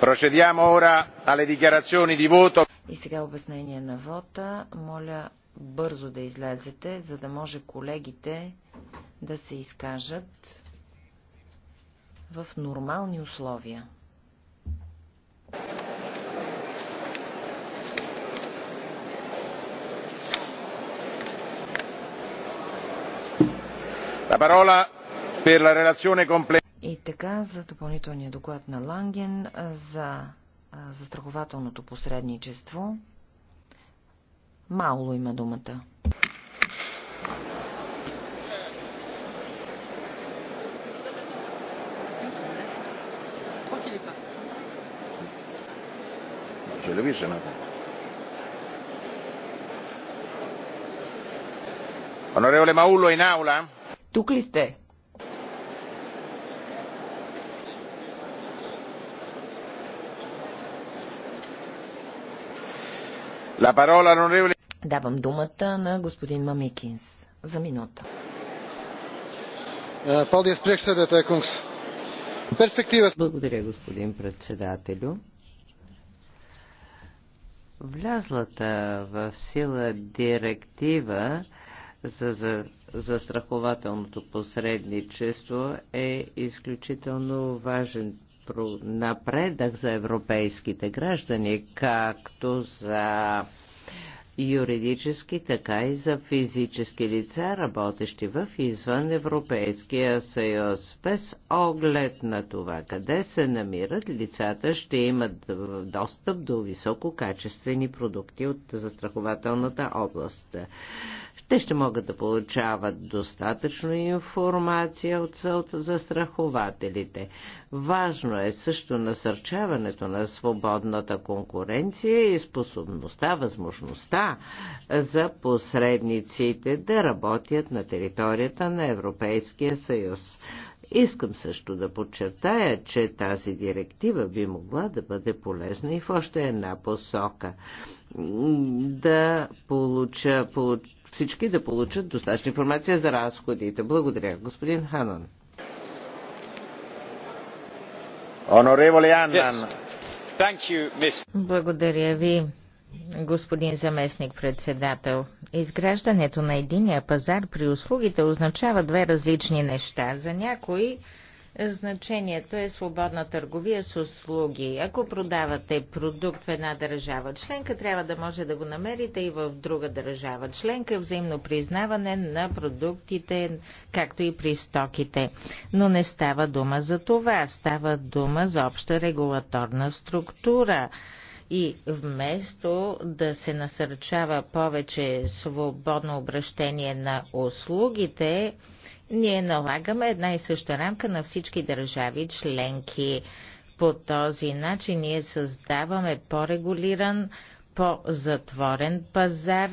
Procediamo ora alle dichiarazioni di voto. И сега обяснение на вота. Моля бързо да излезете, за да може колегите да се изкажат в нормални условия. La parola per la relazione completa. И така, за допълнителния доклад на Ланген за застрахователното посредничество. Мауло има думата. Тук ли сте? Давам думата на господин Мамикинс за минута. Е, Благодаря, господин председателю. Влязлата в сила директива за, за застрахователното посредничество е изключително важен напредък за европейските граждани, както за юридически, така и за физически лица, работещи в извън Европейския съюз. Без оглед на това, къде се намират, лицата ще имат достъп до висококачествени продукти от застрахователната област. Те ще могат да получават достатъчно информация от застрахователите. Важно е също насърчаването на свободната конкуренция и способността, възможността свобода за посредниците да работят на територията на Европейския съюз. Искам също да подчертая, че тази директива би могла да бъде полезна и в още една посока. Да получа, получ... всички да получат достатъчна информация за разходите. Благодаря, господин Ханан. Благодаря ви господин заместник председател. Изграждането на единия пазар при услугите означава две различни неща. За някои значението е свободна търговия с услуги. Ако продавате продукт в една държава членка, трябва да може да го намерите и в друга държава членка, взаимно признаване на продуктите, както и при стоките. Но не става дума за това, става дума за обща регулаторна структура и вместо да се насърчава повече свободно обращение на услугите, ние налагаме една и съща рамка на всички държави членки. По този начин ние създаваме по-регулиран, по-затворен пазар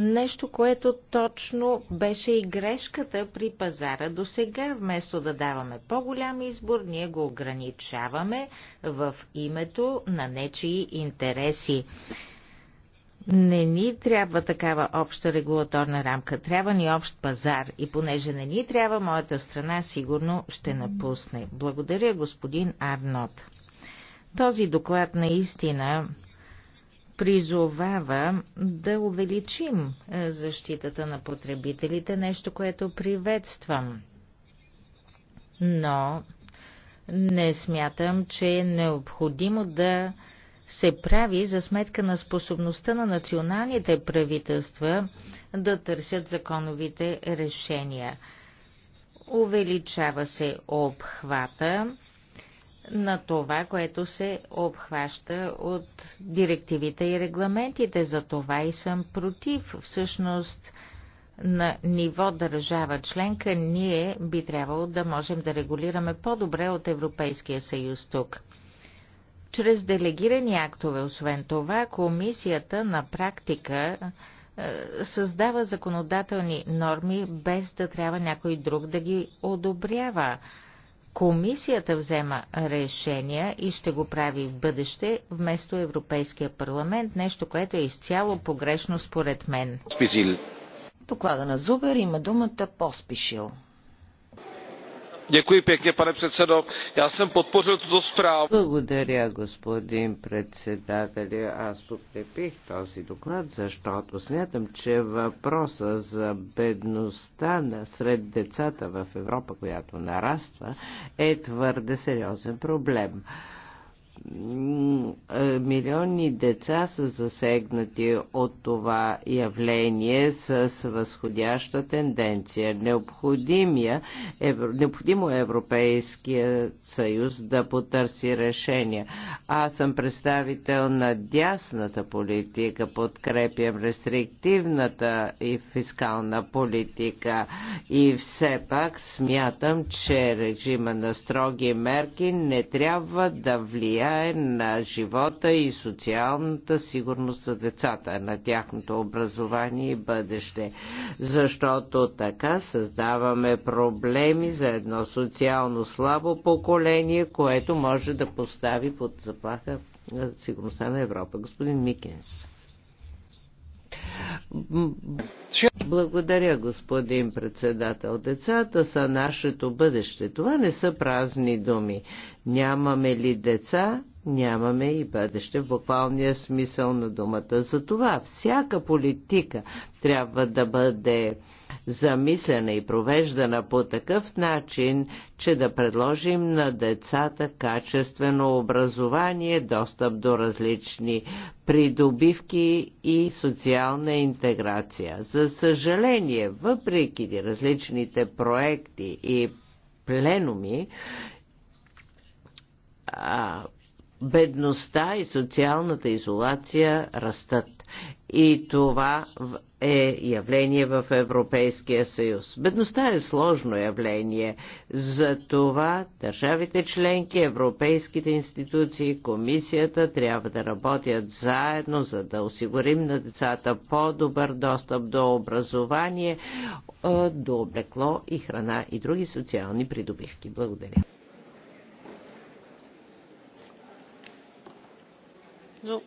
Нещо, което точно беше и грешката при пазара до сега. Вместо да даваме по-голям избор, ние го ограничаваме в името на нечии интереси. Не ни трябва такава обща регулаторна рамка, трябва ни общ пазар и понеже не ни трябва, моята страна сигурно ще напусне. Благодаря, господин Арнот. Този доклад наистина призовава да увеличим е, защитата на потребителите, нещо, което приветствам. Но не смятам, че е необходимо да се прави за сметка на способността на националните правителства да търсят законовите решения. Увеличава се обхвата на това, което се обхваща от директивите и регламентите. За това и съм против. Всъщност, на ниво държава членка, ние би трябвало да можем да регулираме по-добре от Европейския съюз тук. Чрез делегирани актове, освен това, комисията на практика е, създава законодателни норми, без да трябва някой друг да ги одобрява комисията взема решения и ще го прави в бъдеще вместо Европейския парламент, нещо, което е изцяло погрешно според мен. Доклада на Зубер има думата по-спешил pane předsedající já jsem podpořil tuto zprávu. Благодаря, господин председателя. Аз подкрепих този доклад, защото смятам, че въпроса за бедността на сред децата в Европа, която нараства, е твърде сериозен проблем. Е, милиони деца са засегнати от това явление с възходяща тенденция. Необходимия, е, евро, необходимо е Европейския съюз да потърси решения. Аз съм представител на дясната политика, подкрепям рестриктивната и фискална политика и все пак смятам, че режима на строги мерки не трябва да влияе влияе на живота и социалната сигурност за децата, на тяхното образование и бъдеще. Защото така създаваме проблеми за едно социално слабо поколение, което може да постави под заплаха сигурността на Европа. Господин Микенс. Благодаря, господин председател. Децата са нашето бъдеще. Това не са празни думи. Нямаме ли деца, нямаме и бъдеще в буквалния смисъл на думата. Затова всяка политика трябва да бъде замислена и провеждана по такъв начин, че да предложим на децата качествено образование, достъп до различни придобивки и социална интеграция. За съжаление, въпреки различните проекти и пленуми, бедността и социалната изолация растат. И това е явление в Европейския съюз. Бедността е сложно явление. За това държавите членки, европейските институции, комисията трябва да работят заедно, за да осигурим на децата по-добър достъп до образование, до облекло и храна и други социални придобивки. Благодаря. No.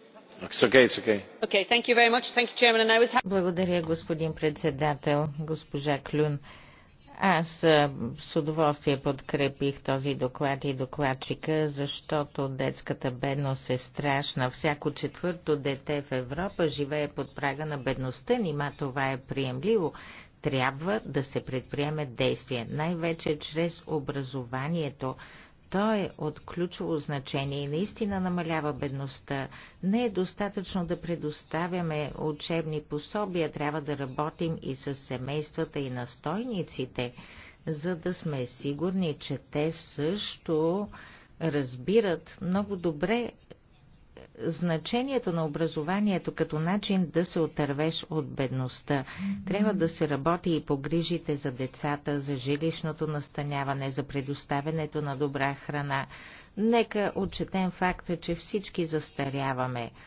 Благодаря, господин председател, госпожа Клюн. Аз с удоволствие подкрепих този доклад и докладчика, защото детската бедност е страшна. Всяко четвърто дете в Европа живее под прага на бедността. Нима това е приемливо. Трябва да се предприеме действие, най-вече чрез образованието, той е от ключово значение и наистина намалява бедността. Не е достатъчно да предоставяме учебни пособия, трябва да работим и с семействата и настойниците, за да сме сигурни, че те също разбират много добре значението на образованието като начин да се отървеш от бедността. Трябва да се работи и по грижите за децата, за жилищното настаняване, за предоставянето на добра храна. Нека отчетем факта, че всички застаряваме –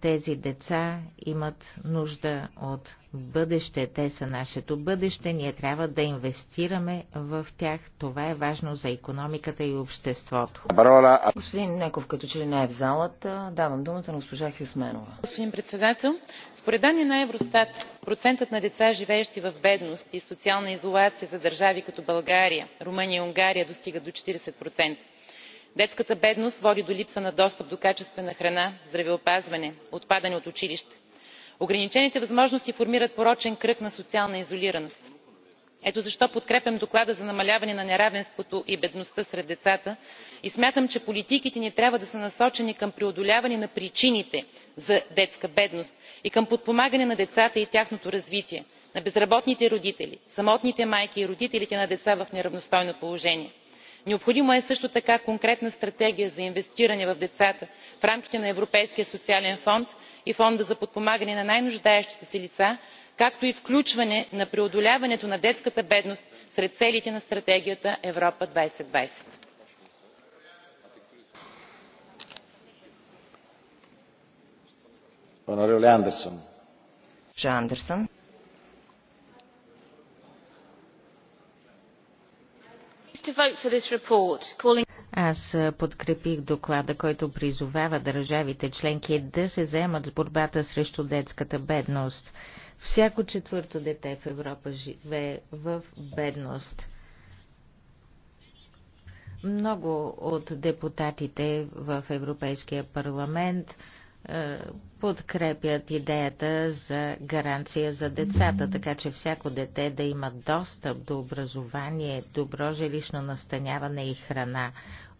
тези деца имат нужда от бъдеще, те са нашето бъдеще, ние трябва да инвестираме в тях. Това е важно за економиката и обществото. Господин Неков, като че ли не е в залата, давам думата на госпожа Хюсменова. Господин председател, според данни на Евростат, процентът на деца, живеещи в бедност и социална изолация за държави като България, Румъния и Унгария достига до 40% детската бедност води до липса на достъп до качествена храна здравеопазване отпадане от училище. ограничените възможности формират порочен кръг на социална изолираност. ето защо подкрепям доклада за намаляване на неравенството и бедността сред децата и смятам че политиките ни трябва да са насочени към преодоляване на причините за детска бедност и към подпомагане на децата и тяхното развитие на безработните родители самотните майки и родителите на деца в неравностойно положение необходима е също така конкретна стратегия за инвестиране в децата в рамките на европейския социален фонд и фонда за подпомагане на най нуждаещите се лица както и включване на преодоляването на детската бедност сред целите на стратегията европа. две хиляди и двадесет Аз подкрепих доклада, който призовава държавите членки да се заемат с борбата срещу детската бедност. Всяко четвърто дете в Европа живее в бедност. Много от депутатите в Европейския парламент е, подкрепят идеята за гаранция за децата, така че всяко дете да има достъп до образование, добро жилищно настаняване и храна.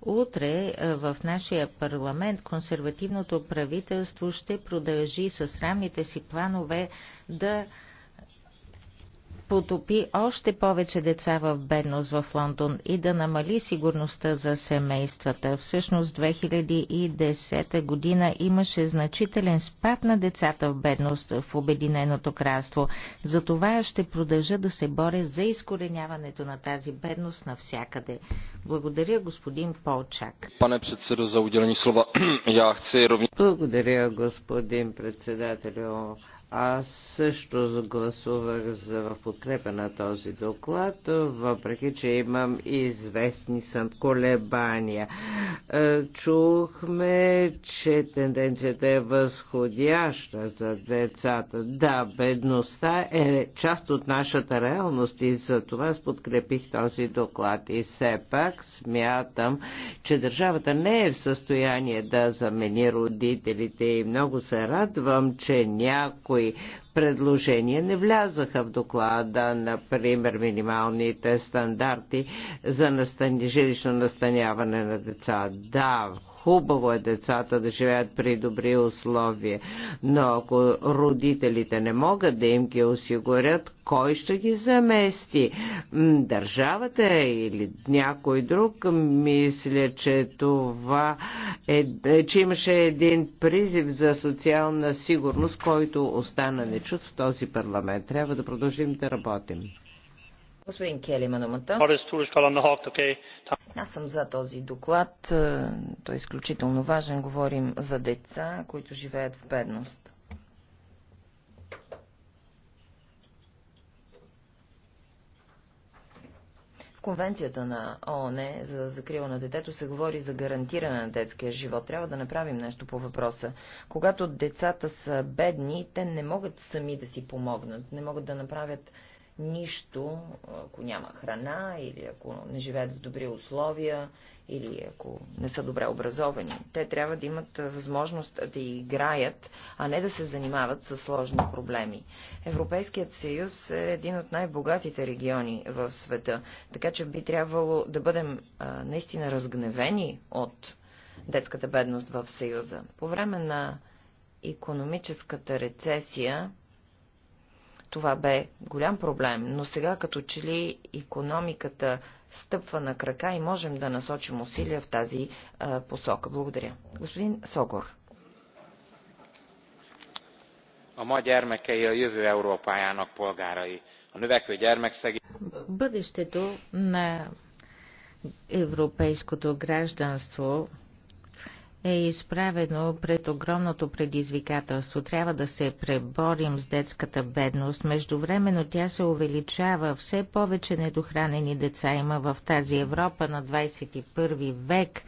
Утре е, в нашия парламент консервативното правителство ще продължи с рамните си планове да потопи още повече деца в бедност в Лондон и да намали сигурността за семействата. Всъщност 2010 година имаше значителен спад на децата в бедност в Обединеното кралство. За това ще продължа да се боря за изкореняването на тази бедност навсякъде. Благодаря господин Полчак. Пане председател за уделени слова. Я хце ровни... Благодаря господин председател. Аз също гласувах за в подкрепа на този доклад, въпреки че имам известни съм колебания. Е, чухме, че тенденцията е възходяща за децата. Да, бедността е част от нашата реалност и за това подкрепих този доклад. И все пак смятам, че държавата не е в състояние да замени родителите и много се радвам, че някой някои предложения не влязаха в доклада, например минималните стандарти за жилищно настаняване на деца. Да, Хубаво е децата да живеят при добри условия, но ако родителите не могат да им ги осигурят, кой ще ги замести? Държавата или някой друг? Мисля, че това е, е, че имаше един призив за социална сигурност, който остана нечут в този парламент. Трябва да продължим да работим. Господин Кели има думата. Аз съм за този доклад. Е, той е изключително важен. Говорим за деца, които живеят в бедност. Конвенцията на ООН за закрива на детето се говори за гарантиране на детския живот. Трябва да направим нещо по въпроса. Когато децата са бедни, те не могат сами да си помогнат, не могат да направят нищо, ако няма храна или ако не живеят в добри условия или ако не са добре образовани. Те трябва да имат възможност да играят, а не да се занимават с сложни проблеми. Европейският съюз е един от най-богатите региони в света, така че би трябвало да бъдем а, наистина разгневени от детската бедност в съюза. По време на економическата рецесия това бе голям проблем, но сега като че ли економиката стъпва на крака и можем да насочим усилия в тази а, посока. Благодаря. Господин Согор. A ma gyermekei a jövő Európájának polgárai. A növekvő gyermekszegény... Бъдещето на европейското гражданство е изправено пред огромното предизвикателство. Трябва да се преборим с детската бедност. Междувременно тя се увеличава. Все повече недохранени деца има в тази Европа на 21 век.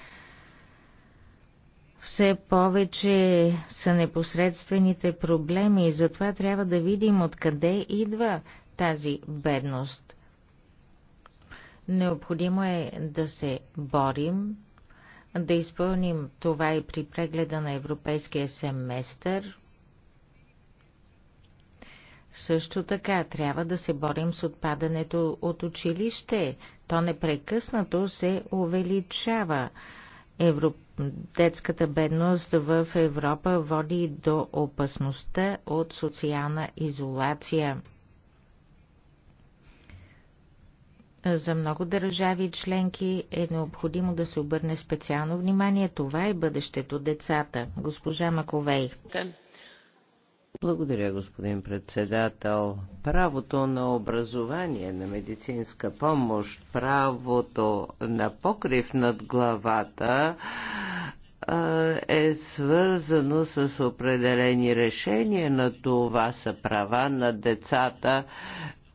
Все повече са непосредствените проблеми и затова трябва да видим откъде идва тази бедност. Необходимо е да се борим да изпълним това и при прегледа на европейския семестър. Също така трябва да се борим с отпадането от училище. То непрекъснато се увеличава. Евро... Детската бедност в Европа води до опасността от социална изолация. за много държави и членки е необходимо да се обърне специално внимание. Това е бъдещето децата. Госпожа Маковей. Благодаря, господин председател. Правото на образование, на медицинска помощ, правото на покрив над главата е свързано с определени решения, на това са права на децата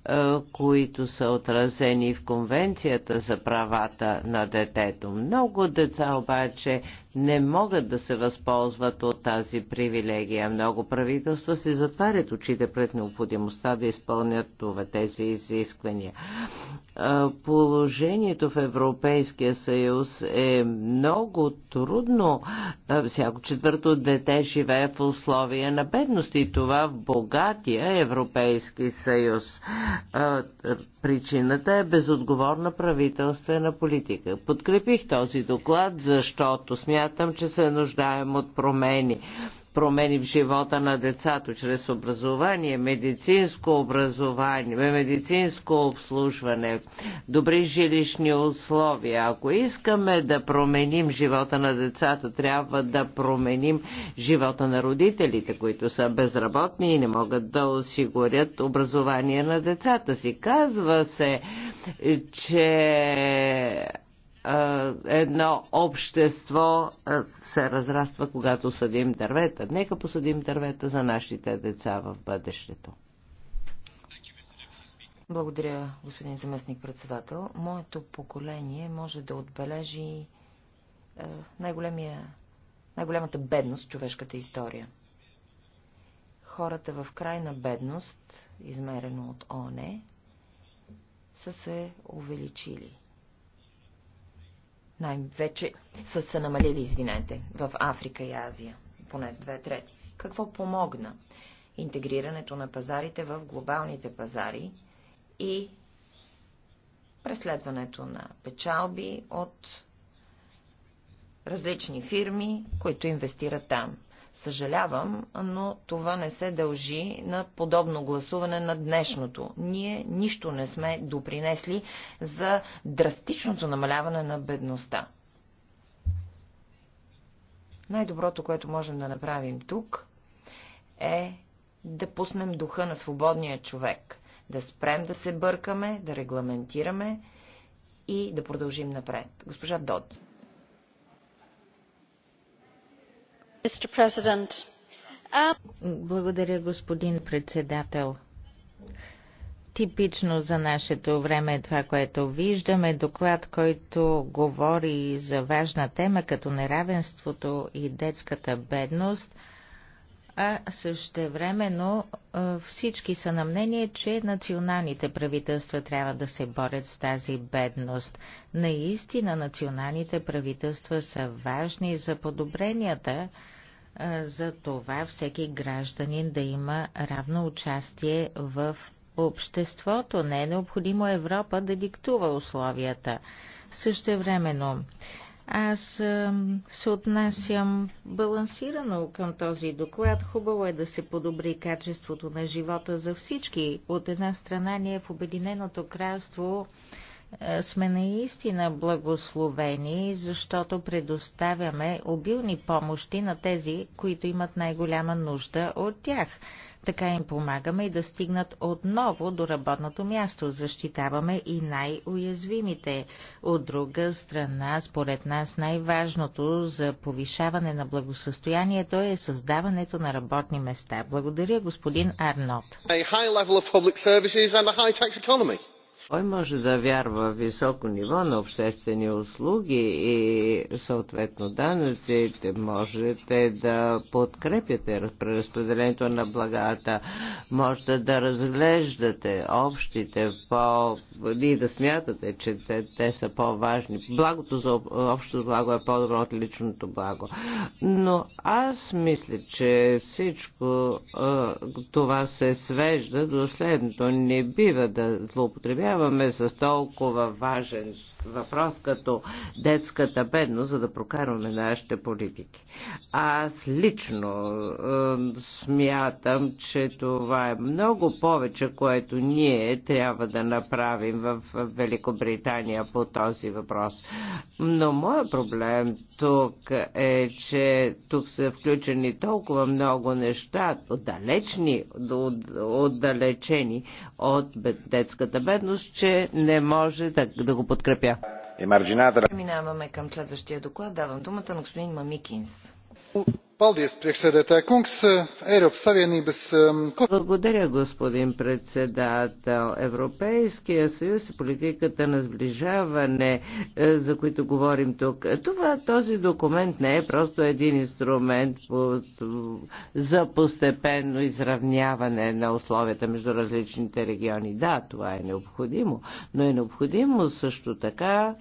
е, които са отразени в Конвенцията за правата на детето. Много деца обаче не могат да се възползват от тази привилегия. Много правителства си затварят очите пред необходимостта да изпълнят това тези изисквания. Положението в Европейския съюз е много трудно. Всяко четвърто дете живее в условия на бедност и това в богатия Европейски съюз. Причината е безотговорна правителствена политика. Подкрепих този доклад, защото смятам, смятам, че се нуждаем от промени промени в живота на децата чрез образование, медицинско образование, медицинско обслужване, добри жилищни условия. Ако искаме да променим живота на децата, трябва да променим живота на родителите, които са безработни и не могат да осигурят образование на децата си. Казва се, че едно общество се разраства, когато съдим дървета. Нека посъдим дървета за нашите деца в бъдещето. Благодаря, господин заместник-председател. Моето поколение може да отбележи е, най-голямата най бедност в човешката история. Хората в крайна бедност, измерено от ОНЕ, са се увеличили най-вече са се намалили, извинете, в Африка и Азия, поне с две трети. Какво помогна? Интегрирането на пазарите в глобалните пазари и преследването на печалби от различни фирми, които инвестират там. Съжалявам, но това не се дължи на подобно гласуване на днешното. Ние нищо не сме допринесли за драстичното намаляване на бедността. Най-доброто, което можем да направим тук, е да пуснем духа на свободния човек, да спрем да се бъркаме, да регламентираме и да продължим напред. Госпожа Дод. Um, Благодаря, господин председател. Типично за нашето време е това, което виждаме. Доклад, който говори за важна тема, като неравенството и детската бедност, а същевременно всички са на мнение, че националните правителства трябва да се борят с тази бедност. Наистина националните правителства са важни за подобренията, за това всеки гражданин да има равно участие в обществото. Не е необходимо Европа да диктува условията. Същевременно, аз се отнасям балансирано към този доклад. Хубаво е да се подобри качеството на живота за всички. От една страна ние в Обединеното кралство е, сме наистина благословени, защото предоставяме обилни помощи на тези, които имат най-голяма нужда от тях. Така им помагаме и да стигнат отново до работното място. Защитаваме и най-уязвимите. От друга страна, според нас най-важното за повишаване на благосъстоянието е създаването на работни места. Благодаря, господин Арнот. Той може да вярва в високо ниво на обществени услуги и съответно данъците? Можете да подкрепяте преразпределението на благата, можете да разглеждате общите по... и да смятате, че те, те са по-важни. Благото за общото благо е по-добро от личното благо. Но аз мисля, че всичко това се свежда до следното. Не бива да злоупотребява занимаваме с толкова важен въпрос като детската бедност, за да прокарваме нашите политики. Аз лично е, смятам, че това е много повече, което ние трябва да направим в Великобритания по този въпрос. Но моят проблем тук е, че тук са включени толкова много неща, отдалечни, отдалечени от детската бедност, всъщност, че не може да, да го подкрепя. Е Минаваме към следващия доклад. Давам думата на господин Мамикинс. Um, Благодаря, господин председател. Европейския съюз и политиката на сближаване, е, за които говорим тук, това, този документ не е просто един инструмент за постепенно изравняване на условията между различните региони. Да, това е необходимо, но е необходимо също така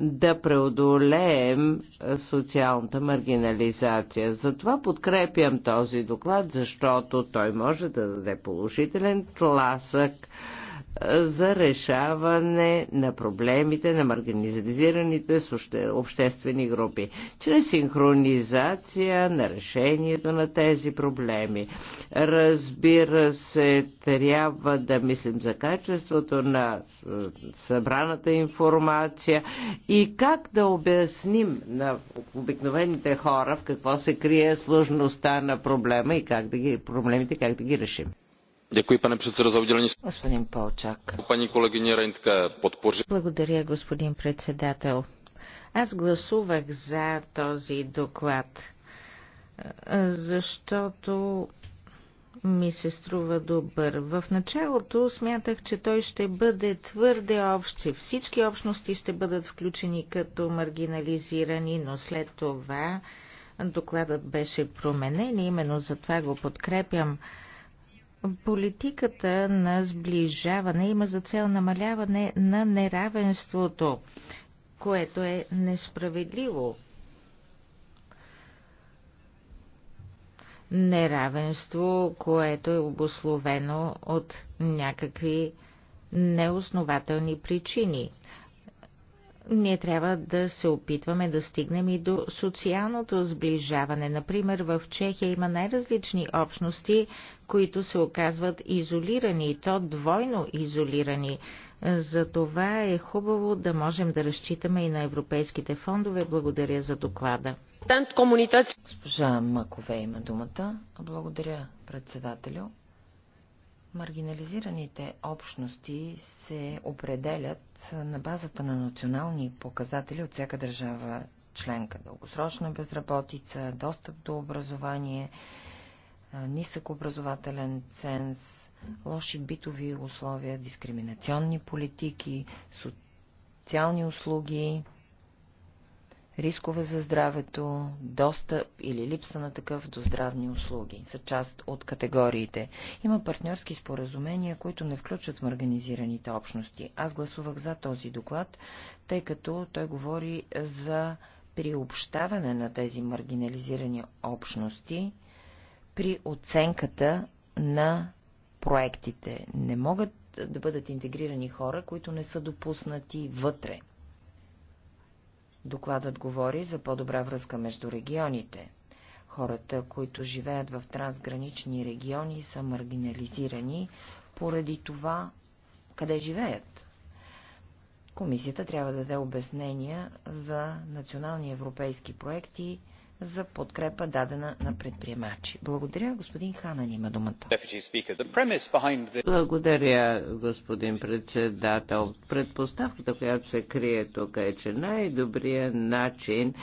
да преодолеем социалната маргинализация. Затова подкрепям този доклад, защото той може да даде положителен тласък за решаване на проблемите на марганизираните обществени групи, чрез синхронизация на решението на тези проблеми. Разбира се, трябва да мислим за качеството на събраната информация и как да обясним на обикновените хора в какво се крие сложността на проблема и как да ги, проблемите как да ги решим pane předsedající Господин Полчак. Paní kolegyně Благодаря, господин председател. Аз гласувах за този доклад, защото ми се струва добър. В началото смятах, че той ще бъде твърде общ, че всички общности ще бъдат включени като маргинализирани, но след това докладът беше променен и именно за това го подкрепям. Политиката на сближаване има за цел намаляване на неравенството, което е несправедливо. Неравенство, което е обословено от някакви неоснователни причини ние трябва да се опитваме да стигнем и до социалното сближаване. Например, в Чехия има най-различни общности, които се оказват изолирани и то двойно изолирани. За това е хубаво да можем да разчитаме и на европейските фондове. Благодаря за доклада. Госпожа Макове има думата. Благодаря, председателю. Маргинализираните общности се определят на базата на национални показатели от всяка държава членка. Дългосрочна безработица, достъп до образование, нисък образователен ценз, лоши битови условия, дискриминационни политики, социални услуги, рискове за здравето, достъп или липса на такъв до здравни услуги са част от категориите. Има партньорски споразумения, които не включват марганизираните общности. Аз гласувах за този доклад, тъй като той говори за приобщаване на тези маргинализирани общности при оценката на проектите. Не могат да бъдат интегрирани хора, които не са допуснати вътре. Докладът говори за по-добра връзка между регионите. Хората, които живеят в трансгранични региони, са маргинализирани поради това, къде живеят. Комисията трябва да даде обяснения за национални европейски проекти, за подкрепа дадена на предприемачи. Благодаря. Господин Ханан има думата. Благодаря, господин председател. Предпоставката, която се крие тук е, че най-добрият начин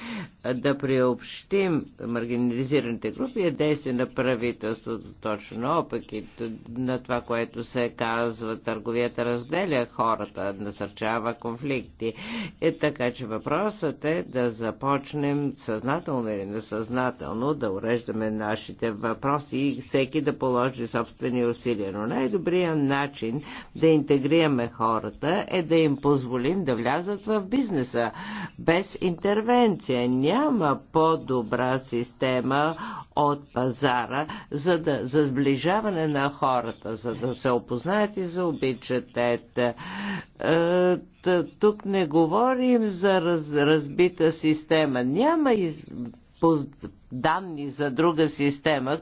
да приобщим маргинализираните групи е действие на правителството. Точно опак и на това, което се казва, търговията разделя хората, насърчава конфликти. Е, така че въпросът е да започнем съзнателно или наистина съзнателно да уреждаме нашите въпроси и всеки да положи собствени усилия. Но най-добрият начин да интегрираме хората е да им позволим да влязат в бизнеса без интервенция. Няма по-добра система от пазара за, да, за сближаване на хората, за да се опознаят и за обичат. Е, тук не говорим за раз, разбита система. Няма из, данни за друга система,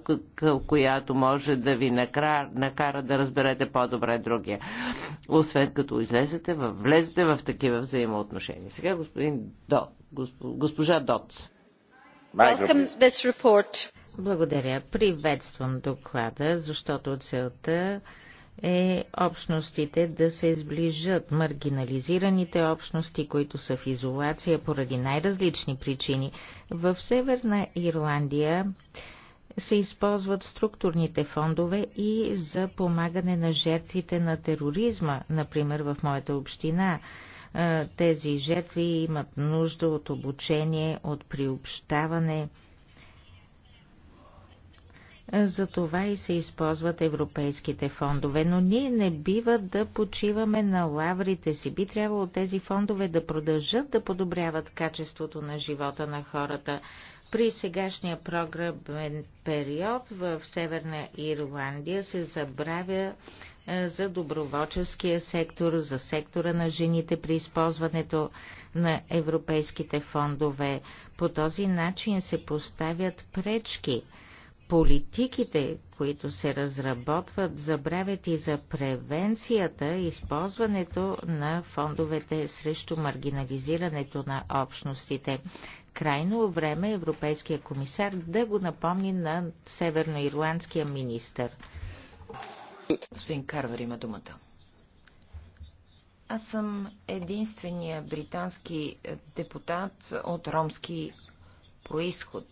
която може да ви накара, накара да разберете по-добре другия. Освен като излезете в, влезете в такива взаимоотношения. Сега господин До, госпожа Доц. Благодаря. Приветствам доклада, защото целта е общностите да се сближат, маргинализираните общности, които са в изолация поради най-различни причини. В Северна Ирландия се използват структурните фондове и за помагане на жертвите на тероризма, например в моята община. Тези жертви имат нужда от обучение, от приобщаване – за това и се използват европейските фондове, но ние не бива да почиваме на лаврите си. Би трябвало тези фондове да продължат да подобряват качеството на живота на хората. При сегашния програмен период в Северна Ирландия се забравя е, за доброволческия сектор, за сектора на жените при използването на европейските фондове. По този начин се поставят пречки – политиките, които се разработват, забравят и за превенцията, използването на фондовете срещу маргинализирането на общностите. Крайно време е Европейския комисар да го напомни на северноирландския министр. Господин Карвар има думата. Аз съм единствения британски депутат от ромски происход.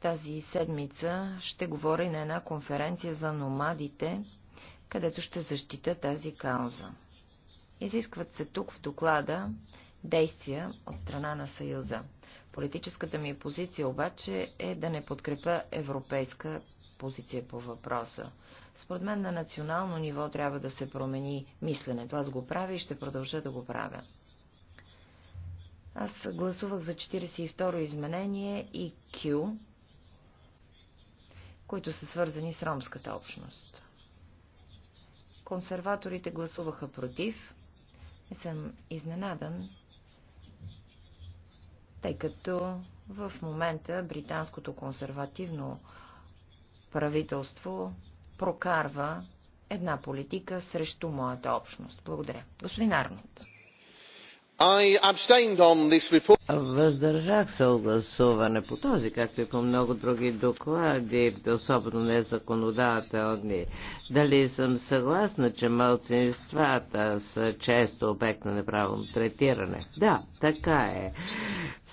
Тази седмица ще говоря на една конференция за номадите, където ще защита тази кауза. Изискват се тук в доклада действия от страна на Съюза. Политическата ми позиция обаче е да не подкрепя европейска позиция по въпроса. Според мен на национално ниво трябва да се промени мисленето. Аз го правя и ще продължа да го правя. Аз гласувах за 42 о изменение и Q, които са свързани с ромската общност. Консерваторите гласуваха против. Не съм изненадан, тъй като в момента британското консервативно правителство прокарва една политика срещу моята общност. Благодаря. Господин Арнот. Въздържах се от гласуване по този, както и по много други доклади, особено незаконодателни. Дали съм съгласна, че малцинствата са често обект на неправилно третиране? Да, така е.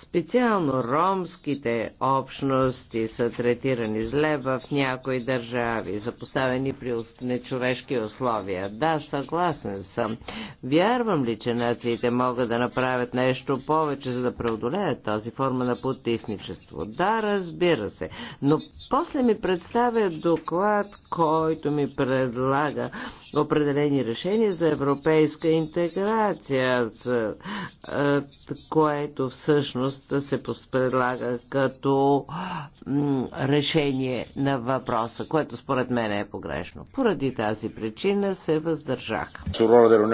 Специално ромските общности са третирани зле в някои държави, запоставени при нечовешки условия. Да, съгласен съм. Вярвам ли, че нациите могат да направят нещо повече, за да преодолеят тази форма на потисничество? Да, разбира се. Но после ми представя доклад, който ми предлага определени решения за европейска интеграция, което всъщност всъщност се предлага като решение на въпроса, което според мен е погрешно. Поради тази причина се въздържах.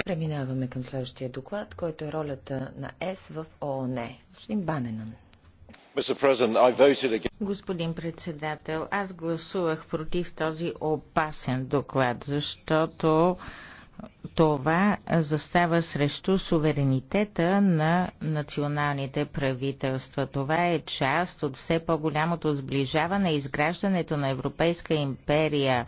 Преминаваме към следващия доклад, който е ролята на ЕС в ООН. Господин Баненън. Господин председател, аз гласувах против този опасен доклад, защото това застава срещу суверенитета на националните правителства. Това е част от все по-голямото сближаване и изграждането на Европейска империя.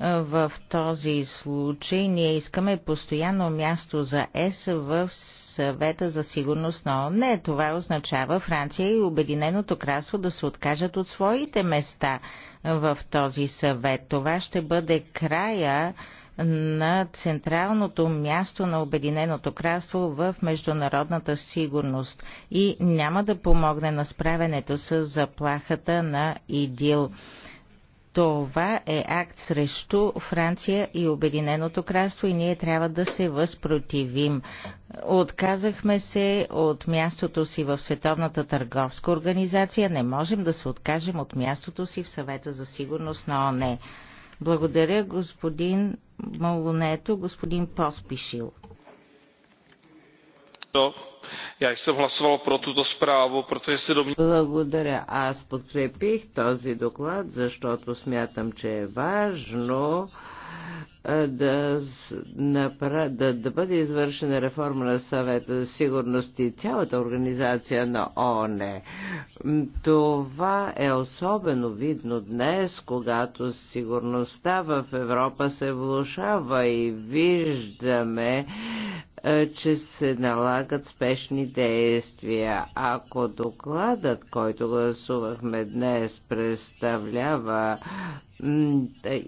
В този случай ние искаме постоянно място за ЕС в съвета за сигурност на ОНЕ. Това означава Франция и Обединеното кралство да се откажат от своите места в този съвет. Това ще бъде края на централното място на Обединеното кралство в международната сигурност и няма да помогне на справенето с заплахата на ИДИЛ. Това е акт срещу Франция и Обединеното кралство и ние трябва да се възпротивим. Отказахме се от мястото си в Световната търговска организация. Не можем да се откажем от мястото си в съвета за сигурност на ОНЕ. Благодаря, господин молонето господин Поспишил. Já jsem hlasoval pro tuto zprávu, protože Благодаря. Аз подкрепих този доклад, защото смятам, че е важно да, напра... да, да бъде извършена реформа на съвета за сигурност и цялата организация на ООН. Това е особено видно днес, когато сигурността в Европа се влушава и виждаме че се налагат спешни действия. Ако докладът, който гласувахме днес, представлява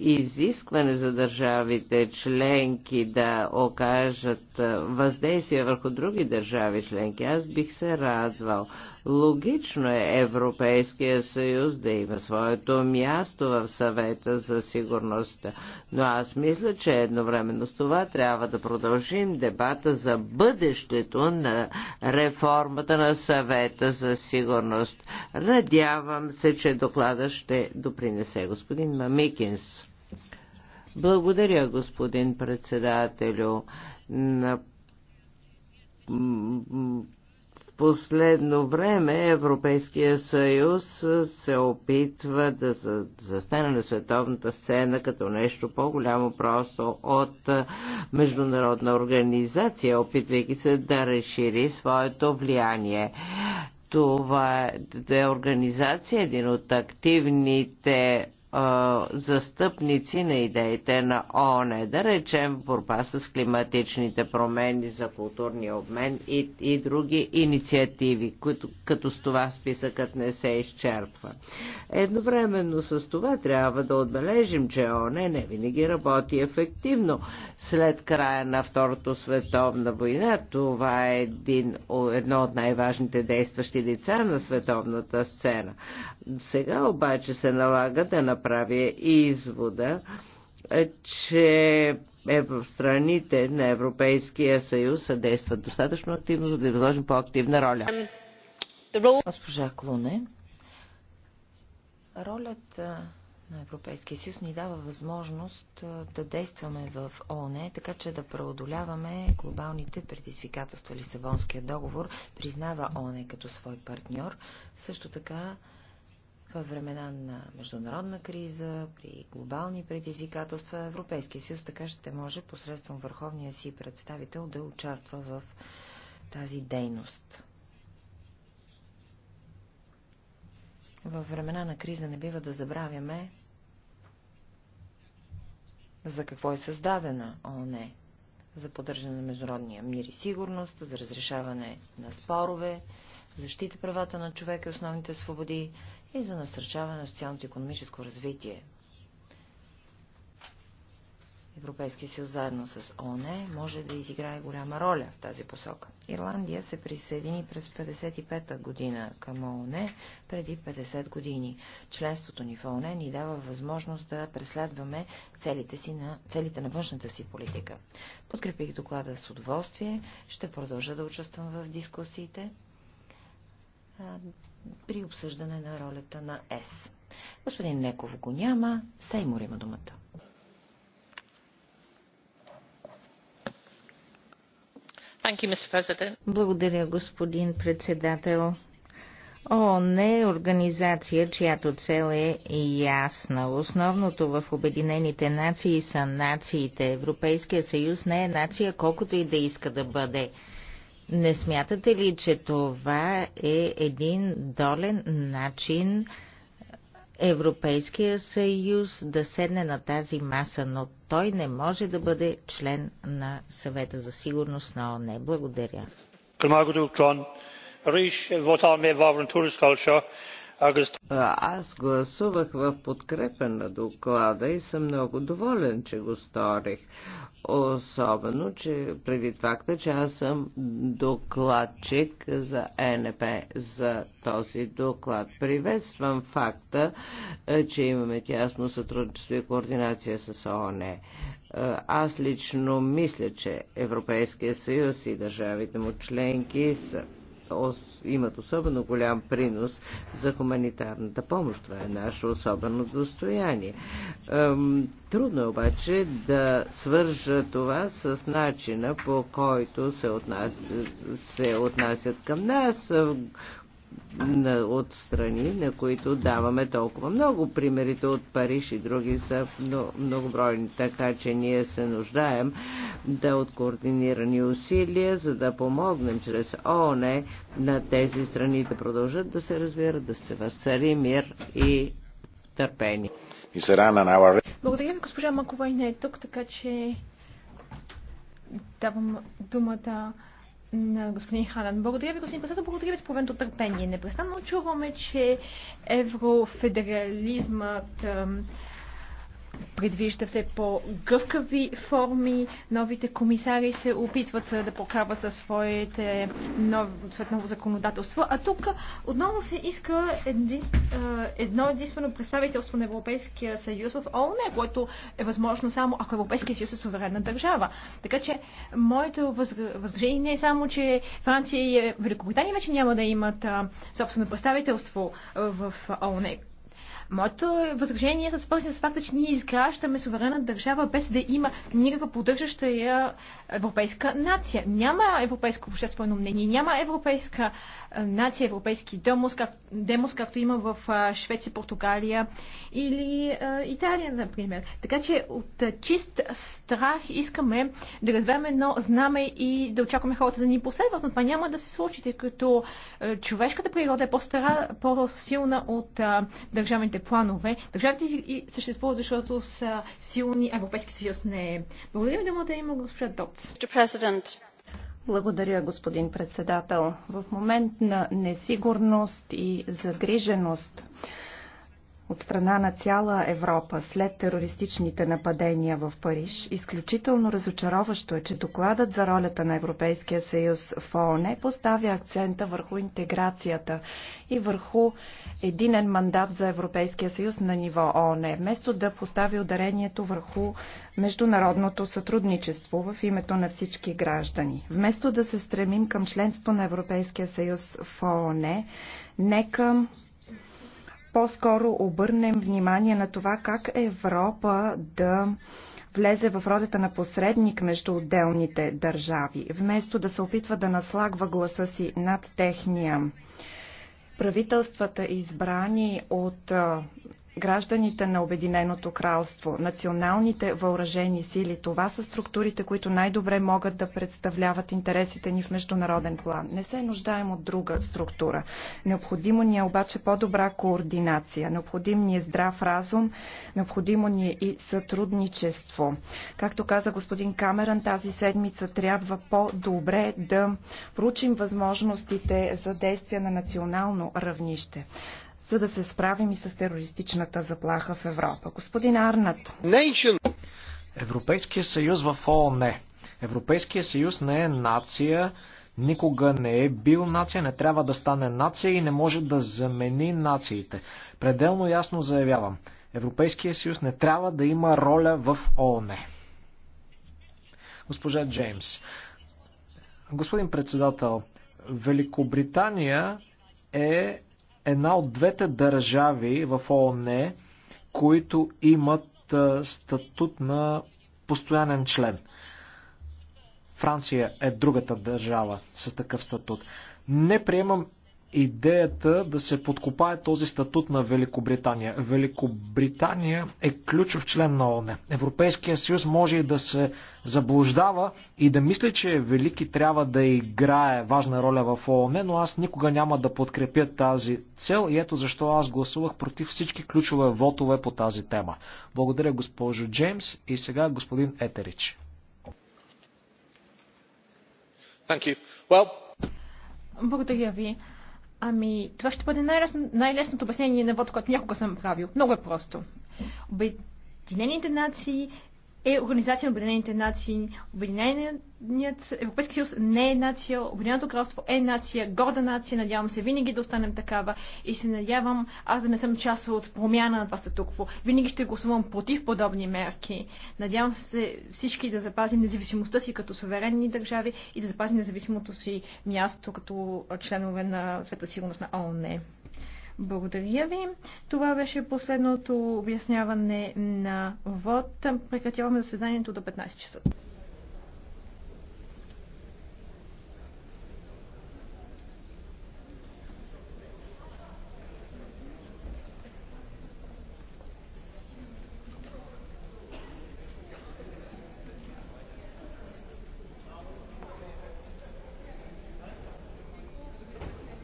изискване за държавите членки да окажат въздействие върху други държави членки, аз бих се радвал. Логично е Европейския съюз да има своето място в съвета за сигурност, но аз мисля, че едновременно с това трябва да продължим дебата за бъдещето на реформата на съвета за сигурност. Надявам се, че доклада ще допринесе господин Микинс. Благодаря, господин председателю. На последно време Европейския съюз се опитва да застане на световната сцена като нещо по-голямо просто от международна организация, опитвайки се да разшири своето влияние. Това е, е организация, един от активните застъпници на идеите на ООН, е, да речем борба с климатичните промени за културния обмен и, и други инициативи, които като с това списъкът не се изчерпва. Едновременно с това трябва да отбележим, че ООН не винаги работи ефективно. След края на Второто световна война това е един, едно от най-важните действащи лица на световната сцена. Сега обаче се налага да направим направя извода, е, че страните на Европейския съюз съдействат достатъчно активно, за да изложим по-активна роля. Госпожа Клуне, ролята на Европейския съюз ни дава възможност е, да действаме в ООН, така че да преодоляваме глобалните предизвикателства. Лисабонския договор признава ООН като свой партньор. Също така във времена на международна криза, при глобални предизвикателства, Европейския съюз така ще може посредством върховния си представител да участва в тази дейност. Във времена на криза не бива да забравяме за какво е създадена ООН. За поддържане на международния мир и сигурност, за разрешаване на спорове, защита правата на човека и основните свободи и за насърчаване на социалното економическо развитие. Европейския съюз заедно с ОНЕ може да изиграе голяма роля в тази посока. Ирландия се присъедини през 55-та година към ОНЕ преди 50 години. Членството ни в ОНЕ ни дава възможност да преследваме целите, си на, целите на външната си политика. Подкрепих доклада с удоволствие, ще продължа да участвам в дискусиите при обсъждане на ролята на С. Господин Неков го няма. Сеймур има думата. You, Благодаря, господин председател. Не е организация, чиято цел е ясна. Основното в Обединените нации са нациите. Европейския съюз не е нация, колкото и да иска да бъде. Не смятате ли, че това е един долен начин Европейския съюз да седне на тази маса, но той не може да бъде член на съвета за сигурност на ООН. Благодаря. Аз гласувах в подкрепа на доклада и съм много доволен, че го сторих. Особено, че преди факта, че аз съм докладчик за НП за този доклад. Приветствам факта, е, че имаме тясно сътрудничество и координация с ООН. Е, аз лично мисля, че Европейския съюз и държавите му членки са имат особено голям принос за хуманитарната помощ. Това е наше особено достояние. Трудно е обаче да свържа това с начина по който се, отнася, се отнасят към нас от страни, на които даваме толкова много. Примерите от Париж и други са многобройни, така че ние се нуждаем да от координирани усилия, за да помогнем чрез ООН на тези страни да продължат да се развиват, да се възцари мир и търпение. Благодаря ви, госпожа Макова и не е тук, така че давам думата на господин Ханан. Благодаря ви, господин председател, благодаря ви споменто търпение. Непрестанно чуваме, че еврофедерализмът предвижда все по-гъвкави форми. Новите комисари се опитват е, да покарват със своите нов, ново законодателство. А тук отново се иска един, е, едно единствено представителство на Европейския съюз в ООН, което е възможно само ако Европейския съюз е суверенна държава. Така че моето възражение не е само, че Франция и Великобритания вече няма да имат е, собствено представителство в ООН Моето възражение е свързано с факта, че ние изграждаме суверена държава без да има никаква поддържаща я европейска нация. Няма европейско обществено мнение, няма европейска нация, европейски демос, как, демос както има в Швеция, Португалия или а, Италия, например. Така че от а, чист страх искаме да развеем едно знаме и да очакваме хората да ни последват, но това няма да се случи, тъй като човешката природа е по-стара, по-силна от а, държавните техните планове. Държавите и съществуват, защото са силни, а Европейски съюз не е. Благодаря ви, думата има госпожа Доц. Благодаря, господин председател. В момент на несигурност и загриженост от страна на цяла Европа след терористичните нападения в Париж, изключително разочароващо е, че докладът за ролята на Европейския съюз в ООН поставя акцента върху интеграцията и върху единен мандат за Европейския съюз на ниво ООН, вместо да постави ударението върху международното сътрудничество в името на всички граждани. Вместо да се стремим към членство на Европейския съюз в ООН, не към по-скоро обърнем внимание на това как Европа да влезе в ролята на посредник между отделните държави, вместо да се опитва да наслагва гласа си над техния правителствата, избрани от гражданите на Обединеното кралство, националните въоръжени сили, това са структурите, които най-добре могат да представляват интересите ни в международен план. Не се нуждаем от друга структура. Необходимо ни е обаче по-добра координация, необходим ни е здрав разум, необходимо ни е и сътрудничество. Както каза господин Камеран, тази седмица трябва по-добре да проучим възможностите за действия на национално равнище за да се справим и с терористичната заплаха в Европа. Господин Арнат. Nation. Европейския съюз в ООН. Европейския съюз не е нация, никога не е бил нация, не трябва да стане нация и не може да замени нациите. Пределно ясно заявявам. Европейския съюз не трябва да има роля в ООН. Госпожа Джеймс. Господин председател, Великобритания е една от двете държави в ООН, които имат статут на постоянен член. Франция е другата държава с такъв статут. Не приемам идеята да се подкопае този статут на Великобритания. Великобритания е ключов член на ООН. Европейския съюз може и да се заблуждава и да мисли, че Велики трябва да играе важна роля в ООН, но аз никога няма да подкрепя тази цел и ето защо аз гласувах против всички ключове вотове по тази тема. Благодаря госпожо Джеймс и сега господин Етерич. Thank you. Well... Благодаря ви. Ами, това ще бъде най най-лесното обяснение на вод, което някога съм правил. Много е просто. Обединените нации е Организация на Обединените нации. Обединеният Европейски съюз не е нация, Обединеното кралство е нация, горда нация. Надявам се винаги да останем такава и се надявам аз да не съм част от промяна на това статукво. Винаги ще гласувам против подобни мерки. Надявам се всички да запазим независимостта си като суверенни държави и да запазим независимото си място като членове на Света сигурност на ООН. Благодаря ви. Това беше последното обясняване на ВОД. Прекратяваме заседанието до 15 часа.